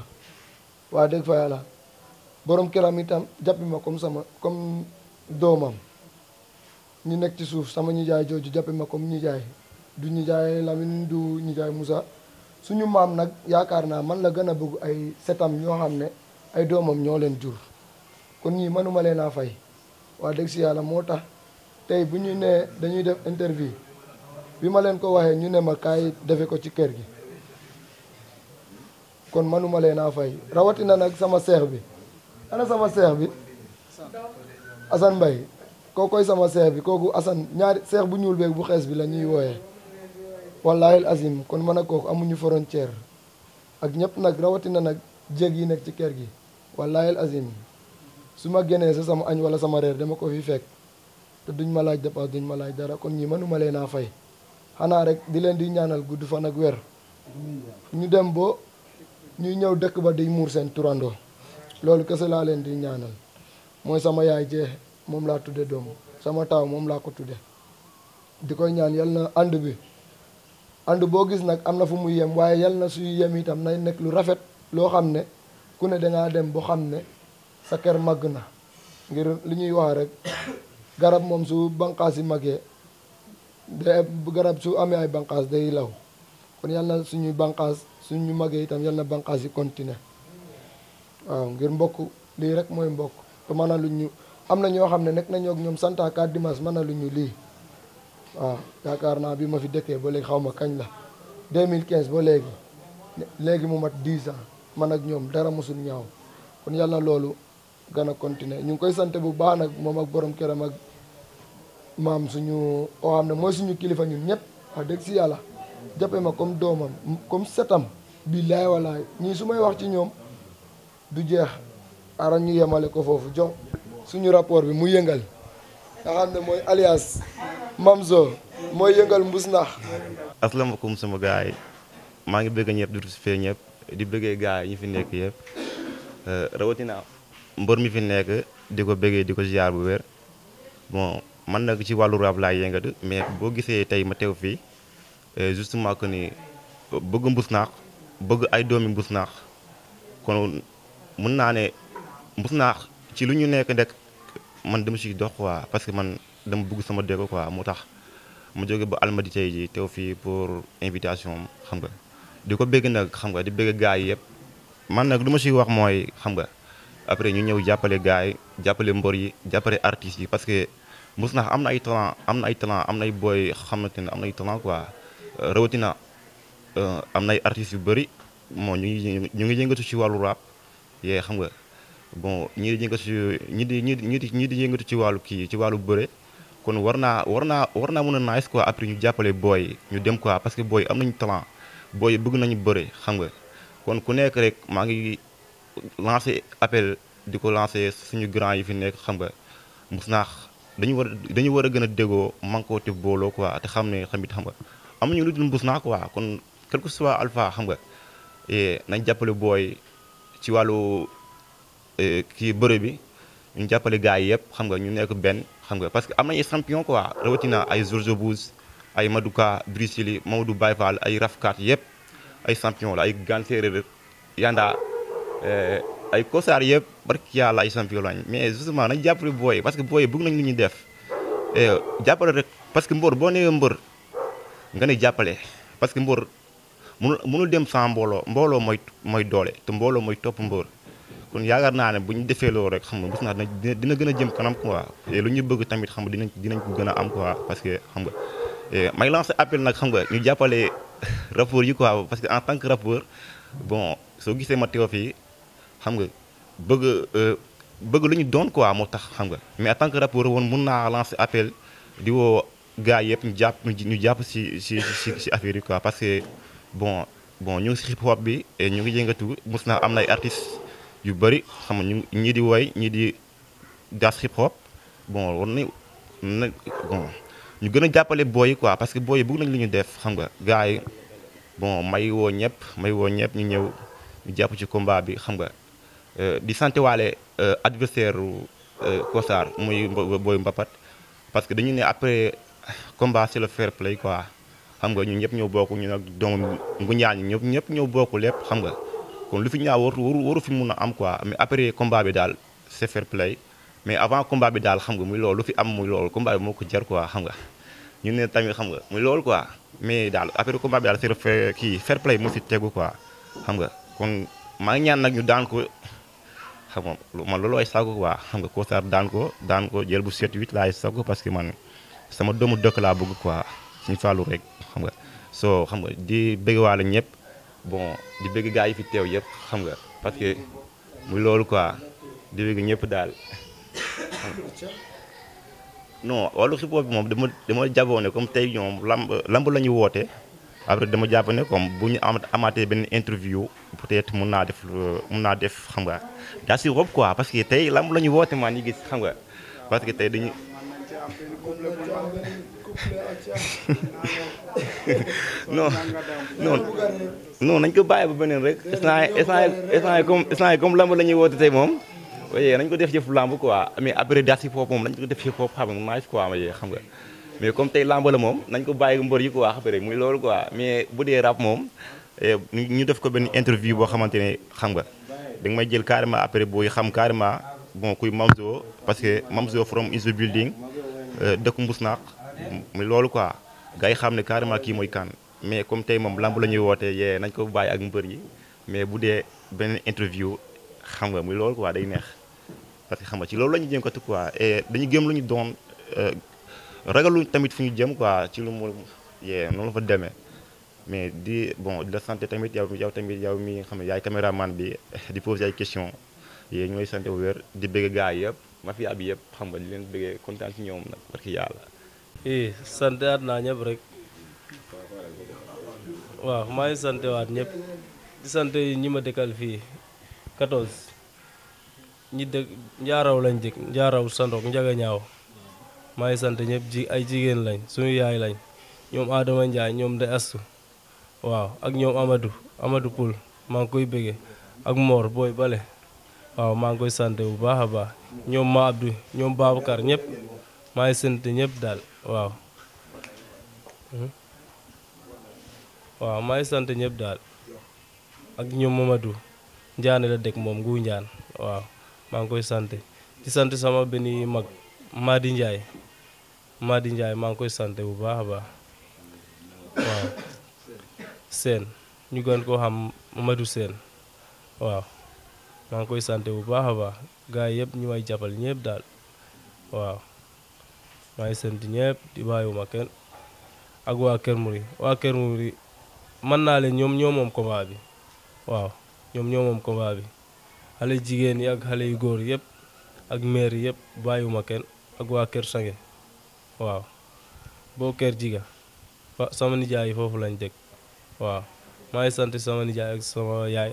waa dëgg fa yàlla boroom këram itam jàppi ma comme sama comme doomam ñu nekk ci suuf sama ñijaay jooju jàppi ma comme ñijaay du nijaay Lamine du ñijaay musa suñu maam nag yaakaar naa man la gën a bëgg ay setam ñoo xam ne ay doomam ñoo leen jur kon ñii mënuma leen a fay waa dëgg si yàlla moo tax tey bu ñu nee dañuy def interview bi ma leen ko waxee ñu ne ma kaay defe ko ci kër gi kon mënuma leen a fay rawatina nag sama seex bi ana sama seex bi Assane mbay koo koy sama seex bi kooku Assane ñaari seex bu ñuul beeg bu xees bi la ñuy wooyee wallahi azim kon mën a kooku amuñu frontière ak ñëpp nag rawatina nag jéeg yi nekk ci kër gi wallahi azim su ma génnee sa sama añ wala sama reer dama ko fi fekk te duñ ma laaj dépense duñ ma laaj dara kon ñi mënuma leen a fay xanaa rek di leen di ñaanal gudd fan ak weer ñu dem bo ñuy ñëw dëkk ba di muur seen turandoo loolu kese laa leen di ñaanal mooy sama yaay jee moom laa tudde doom sama taaw moom laa ko tudde di koy ñaan yal ànd bi ànd boo gis nag am na fu muy yem waaye yal na suy yem itam nay nekk lu rafet loo xam ne ku ne dangaa dem bu xam ne sa kër màgg na ngir lu ñuy wax rek garab moom su banqaas yi magee day garab su amee ay banqaas day law kon yal na suñuy banqaas suñu màggee itam yal na banqaas yi continuer waaw ngir mbokk lii rek mooy mbokk te mën na lu ñu am na ñoo xam ne nekk nañoo ak ñoom santaakaat dimanche mën na lu ñu lii waaw yaakaar naa bi ma fi dëkkee ba léegi xaw ma kañ la quinze ba léegi léegi mu mat 10 ans man ak ñoom dara mosul ñaaw kon yàlla loolu gën a continuer ñu ngi koy sante bu baax nag moom ak borom këram ak maam suñu oo xam ne mooy suñu kilifa ñu ñëpp wax dëgg si yàlla jàppe ma comme doomam comme setam billaay walaay ñii su may wax ci ñoom du jeex ara ñu yemale ko foofu jox suñu rapport bi mu yëngal nga xam ne mooy alias Mamzo mooy yëngal mbus ndax. asalaamaaleykum sama gars maa ngi bëgg ñëpp di fee ñëpp di bëggee gars ñu fi nekk yëpp euh, rawatina mbër mi fi nekk di ko bëggee di ko ziar bu wér bon man nag ci wàllu rap laay yëngatu mais boo gisee tey ma teew fii euh, justement que ni bëgg mbus naax bëgg ay doomi mbus naax kon mun naa ne mbus naax ci lu ñu nekk ndek man dama ci dox quoi parce man. dama bëgg sama déko quoi moo tax mu joge ba almadi tey ji teew fii pour invitation xam nga di ko bëgg nag xam nga di bëgg gars yi yëpp man nag lu ma si wax mooy xam nga après ñu ñëw jàppale gars yi jàppale mboor yi jàppale artistes yi parce que mos na am na ay talent am na ay talent am na ay booy xamante ne am na ay talent quoi euh, rawatina euh, am na ay artistes yu bëri moo ñu ngi ñu ngi yëngatu ci wàllu rap yee xam nga bon ñii di yëngatu ci ñii di ñii di ñii di yëngatu ci wàllu kii ci wàllu bëre kon war naa war naa war naa mën a nice quoi après ñu jàppale booy ñu dem quoi parce que booy am nañu talent booy bëgg nañu bëre xam nga kon ku nekk rek maa ngi lancé appel di ko lancé suñu grand yi fi nekk xam nga mos naa dañu war dañu war a gën a déggoo mànkoo te booloo quoi te xam ne tamit xam nga amuñu lu dul mbus naa quoi kon quel que soit alpha xam nga nañ jàppale booy ci wàllu eh, kii bëre bi jàppale gars yi yëpp xam nga ñu nekk benn xam nga parce que am nañu champion quoi rawatina ay George Bouze ay Maduka Brisili Mamadou Baye Fall ay Rafkat yëpp ay champion la ay Gane Séeréer Yanda eh, ay Kosaar yëpp barki yàlla ay champion lañ mais justement nañ jàppale booy parce que booy bëgg na lu ñuy def eh, jàppale rek parce que mbër boo nee mbër nga ne jàppale parce que mbër mënul mënul dem sans mbooloo mbooloo mooy mooy doole te booloo mooy topp mbër. kon yaakaar naa ne bu ñu defee loolu rek xam nga gis naa dina dina gën a jëm kanam quoi lu ñu bëgg tamit xam nga dinañ dinañ ko gën a am quoi parce que xam nga may lancer nag xam nga ñu jàppale rappeurs yi quoi parce que en tant que rappeur bon soo gisee ma teew fii xam nga bëgg euh, bëgg lu ñu doon quoi moo tax xam nga mais en tant que rappeur woon mun naa lancer appel di woo gars yëpp ñu jàpp ñu jàpp si si si si affaire yi quoi parce que bon bon ñu ngi si hip hop bi ñu ngi yëngatu mus naa am na ay artistes. yu bëri xam nga ñu ñii di way ñii di gas hip bon war nañ gën a jàppale booyi quoi parce que booyi bugg nañ lu ñu def xam nga gars yi bon may woo ñëpp may woo ñëpp ñu ñëw ñu jàpp ci combat bi xam nga euh, di sant waale euh, adversaire euh, Kossar muy booy Mbapat parce que dañu ne après combat c'est le fair play quoi xam nga ñu ñëpp ñëw bokk ñu nag doomu ngu ñaar ñi ñëpp ñëpp ñoo bokk lépp xam nga kon lu fi ñaaw waru waru waru fi mun a am quoi mais après combat bi daal c'est fair play mais avant combat bi daal xam nga muy loolu lu fi am muy loolu combat bi moo ko jar quoi xam nga ñu ne tamit xam nga muy loolu quoi mais daal après combat bi daal c'est kii fair play moo si tegu quoi xam nga kon maa ngi ñaan nag ñu daan ko xam nga man loolu ay sago quoi xam nga Kosaar daan ko daan ko jël bu 7 8 laay sago parce que man sama doomu dëkk laa bëgg quoi suñu fàllu rek xam nga soo xam nga di bëgg waale ñëpp. bon di bëgg gaa yi fi teew yëpp xam nga parce que muy loolu quoi di bëgg ñëpp daal non wàllu si bi moom dama dama jàppoon comme tey ñoom lamb lamb la ñu woote après dama jàpp ne comme bu ñu amaatee benn interview peut-être mun naa def mun naa def xam nga daa si rob quoi parce que tey lamb la ñu woote maa ngi gis xam nga parce que tey dañu non non non nañ ko bàyyi ba beneen rek instant yi instant yi comme instant yi comme lamb la ñuy woote tey moom waaye nañ ko def jëf lamb quoi mais après daas yi foofu moom nañ ko def ci foofu xam nga maa ngi quoi ma yee xam nga mais comme tey lamb la moom nañ ko bàyyi mbër yi quoi xam rek muy loolu quoi mais bu dee rap moom eh, ñu def ko benn interview boo xamante ne xam nga danga may jël carrément après booy xam carrément bon kuy Mamzo parce que Mamzo from is the building eh, dëkk Mbousnakh muy loolu quoi gars xam ne carrément kii mooy kan mais comme tey moom lamb la ñuy wootee yee nañ ko bàyyi ak mbër yi mais bu dee beneen interview xam nga muy loolu waa day neex parce que xam nga ci loolu la ñu jëm kat quoi et dañu gëm lu ñu doon euh, ragaluñ tamit fu ñu jëm quoi ci lu mu yee noonu la fa demee mais di bon di la sant tamit yow yow tamit yow mi nga xam ne yaay caméraman bi di poser ay questions yee ñu lay sant wér di bëgg gars yëpp mafia bi yëpp xam nga di leen bëggee kontaan ci ñoom nag parce que yàlla i santaat naa ñëpp rek waaw maa ngi santewaat ñëpp di sant ñi ma dëkkal fii 14 ñi dëkk njaaraw lañ dëkk njaaraw sandoog njaga ñaaw maa ngi sant ñëpp ji ay jigéen lañ suñu yaay lañ ñoom Adama Ndiaye ñoom day astu waaw ak ñoom Amadou Amadou Poul maa ngi koy bëgge ak Mor booy bale waaw maa ngi koy sant bu baax a baax ñoom ma Abdou ñoom Babacar ñëpp maa ngi sant ñëpp daal waaw mhm. waaw maa ngi sant ñëpp daal ak ñoom Mamadou Ndiané la dëkk moom Ngou Ndiané waaw maa ngi koy sante di sant sama benn mag Madi Ndiaye Madi njaay maa ngi koy sante bu baax a baax waaw seen ñu gën koo xam Mamadou Seen waaw maa ngi koy sante bu baax a baax gaa yépp ñu may jàppal ñépp daal waaw maa ngi sant ñëpp di bàyyiwuma kenn ak waa Kër Mouri waa Kër Mouri mën naa leen ñoom ñoo moom combat bi waaw ñoom ñoo moom combat bi xale jigéen yi ak xale yu góor yépp ak maire yëpp bàyyiwuma kenn ak waa Kër Sange waaw boo Kër Jiga sama nijaay yi foofu lañ dëkk waaw maa ngi sant sama nijaay ak sama yaay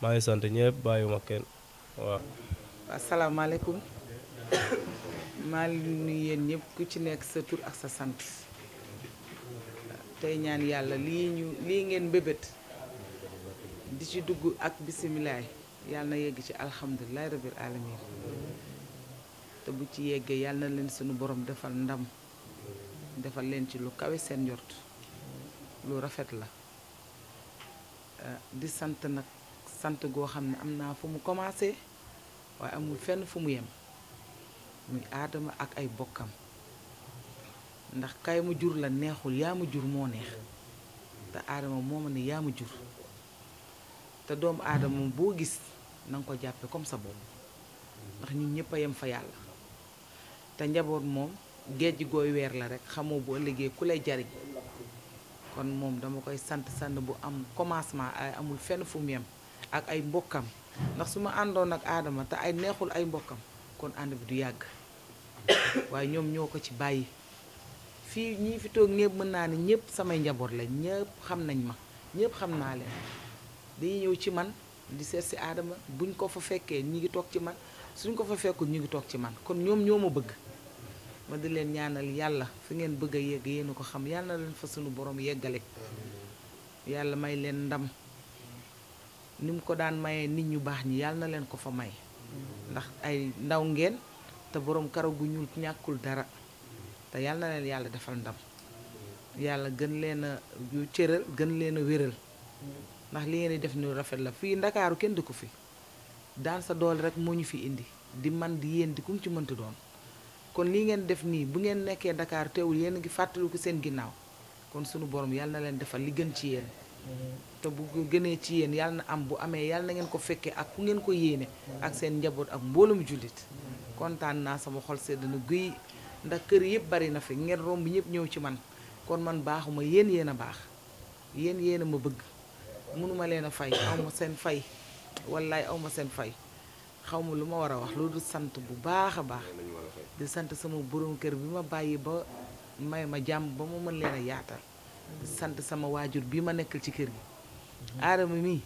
maa ngi sant ñëpp bàyyiwuma kenn waaw. asalaamaaleykum. maa ngi leen nuyu yéen ñëpp ku ci nekk sa tur ak sa sant tey ñaan yàlla lii ñu lii ngeen bébét di ci dugg ak bisimilaay yàlla na yegg ci alhamdulilahi rabil alamin te bu ci yeggee yàlla na leen sunu borom defal ndam defal leen ci lu kawe seen njort lu rafet la di sant nag sant goo xam ne am naa fu mu commencé waaye amul fenn fu mu yem muy aadama ak ay bokkam ndax kay ma jur la neexul yaa ma jur moo neex te aadama moo ma ne yaa ma jur te doomu aadama boo gis na ko jàppe comme sa bopp ndax ñi ñëpp yam yem fa yàlla te njaboot moom gejj gooy weer la rek xamoo boo liggéey ku lay jariñ kon moom dama koy sant sann bu am commencement ay amul fenn fu mu ak ay mbokkam ndax su ma àndoon ak aadama te ay neexul ay mbokkam kon ànd bi du yàgg waaye ñoom ñoo ko ci bàyyi fii ñii fi toog ñëpp mën naa ne ñëpp samay njaboot la ñëpp xam nañ ma ñëpp xam naa leen di ñëw ci man di seet si aadama buñ ko fa fekkee ñi ngi toog ci man suñ ko fa fekkul ñu ngi toog ci man kon ñoom ñoo ma bëgg ma di leen ñaanal yàlla fi ngeen bëgg a yegg yéen ko xam yàlla na leen fa sunu borom yeggale yàlla may leen ndam ni mu ko daan mayee nit ñu baax ñi yàlla na leen ko fa may ndax ay ndaw ngeen te borom karaw gu ñuul ñàkkul dara te yàlla na leen yàlla defal ndam yàlla gën leen a yu cëral gën leen a wéral ndax li ngeen di def ni rafet la fii ndakaaru kenn di ko fi daan sa dool rek moo ñu fi indi di man di yéen di kum ci mënti doon kon lii ngeen def nii bu ngeen nekkee Dakar teewul yéen a ngi fàttaliku seen ginnaaw kon sunu borom yàlla na leen defal li gën ci yéen te bu gënee ci yéen yàlla na am bu amee yàlla na ngeen ko fekkee ak ku ngeen ko yéene ak seen njaboot ak mboolum jullit kontaan naa sama xol sedd na guy ndax kër yëpp bari na fi ngeen romb ñëpp ñëw ci man kon man baaxuma yéen yéen a baax yéen yéen a ma bëgg mënuma leen a fay aw ma seen fay wallaay aw ma seen fay xaw ma lu ma war a wax loolu sant bu baax a baax di sant sama borom kër bi ma bàyyi ba may ma jàmm ba mu mën leen a yaatal sant sama waajur bi ma nekkal ci kër gi aadama mii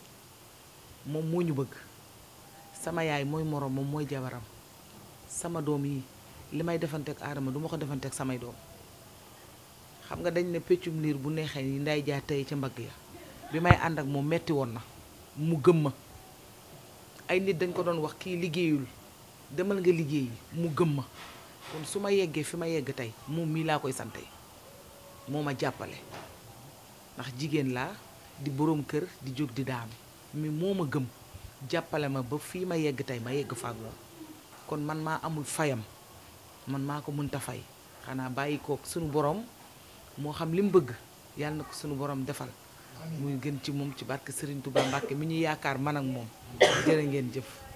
moom moo ñu bëgg sama yaay mooy moroom moom mooy jabaram sama doom yi li may defanteeg aadama duma ma ko defanteeg samay doom xam nga dañ ne peccum liir bu neexee ni nday jaa tey ca mbagg ya bi may ànd ak moom metti woon na mu gëm ma ay nit dañ ko doon wax kii liggéeyul demal nga liggéeyi mu gëm ma kon su ma yeggee fi ma yegg tey moom mii laa koy sante moo ma jàppale ndax jigéen laa di boroom kër di jóg di daanu mi moo ma gëm jàppale ma ba fii ma yegg tey ma yegg faag moom kon man maa amul fayam man maa ko mënta fay xanaa bàyyi kook sunu boroom moo xam li mu bëgg yàlla na ko sunu borom defal muy gën ci moom ci barke Serigne Touba Mbacke mi ñu yaakaar man ak moom jërë ngeen jëf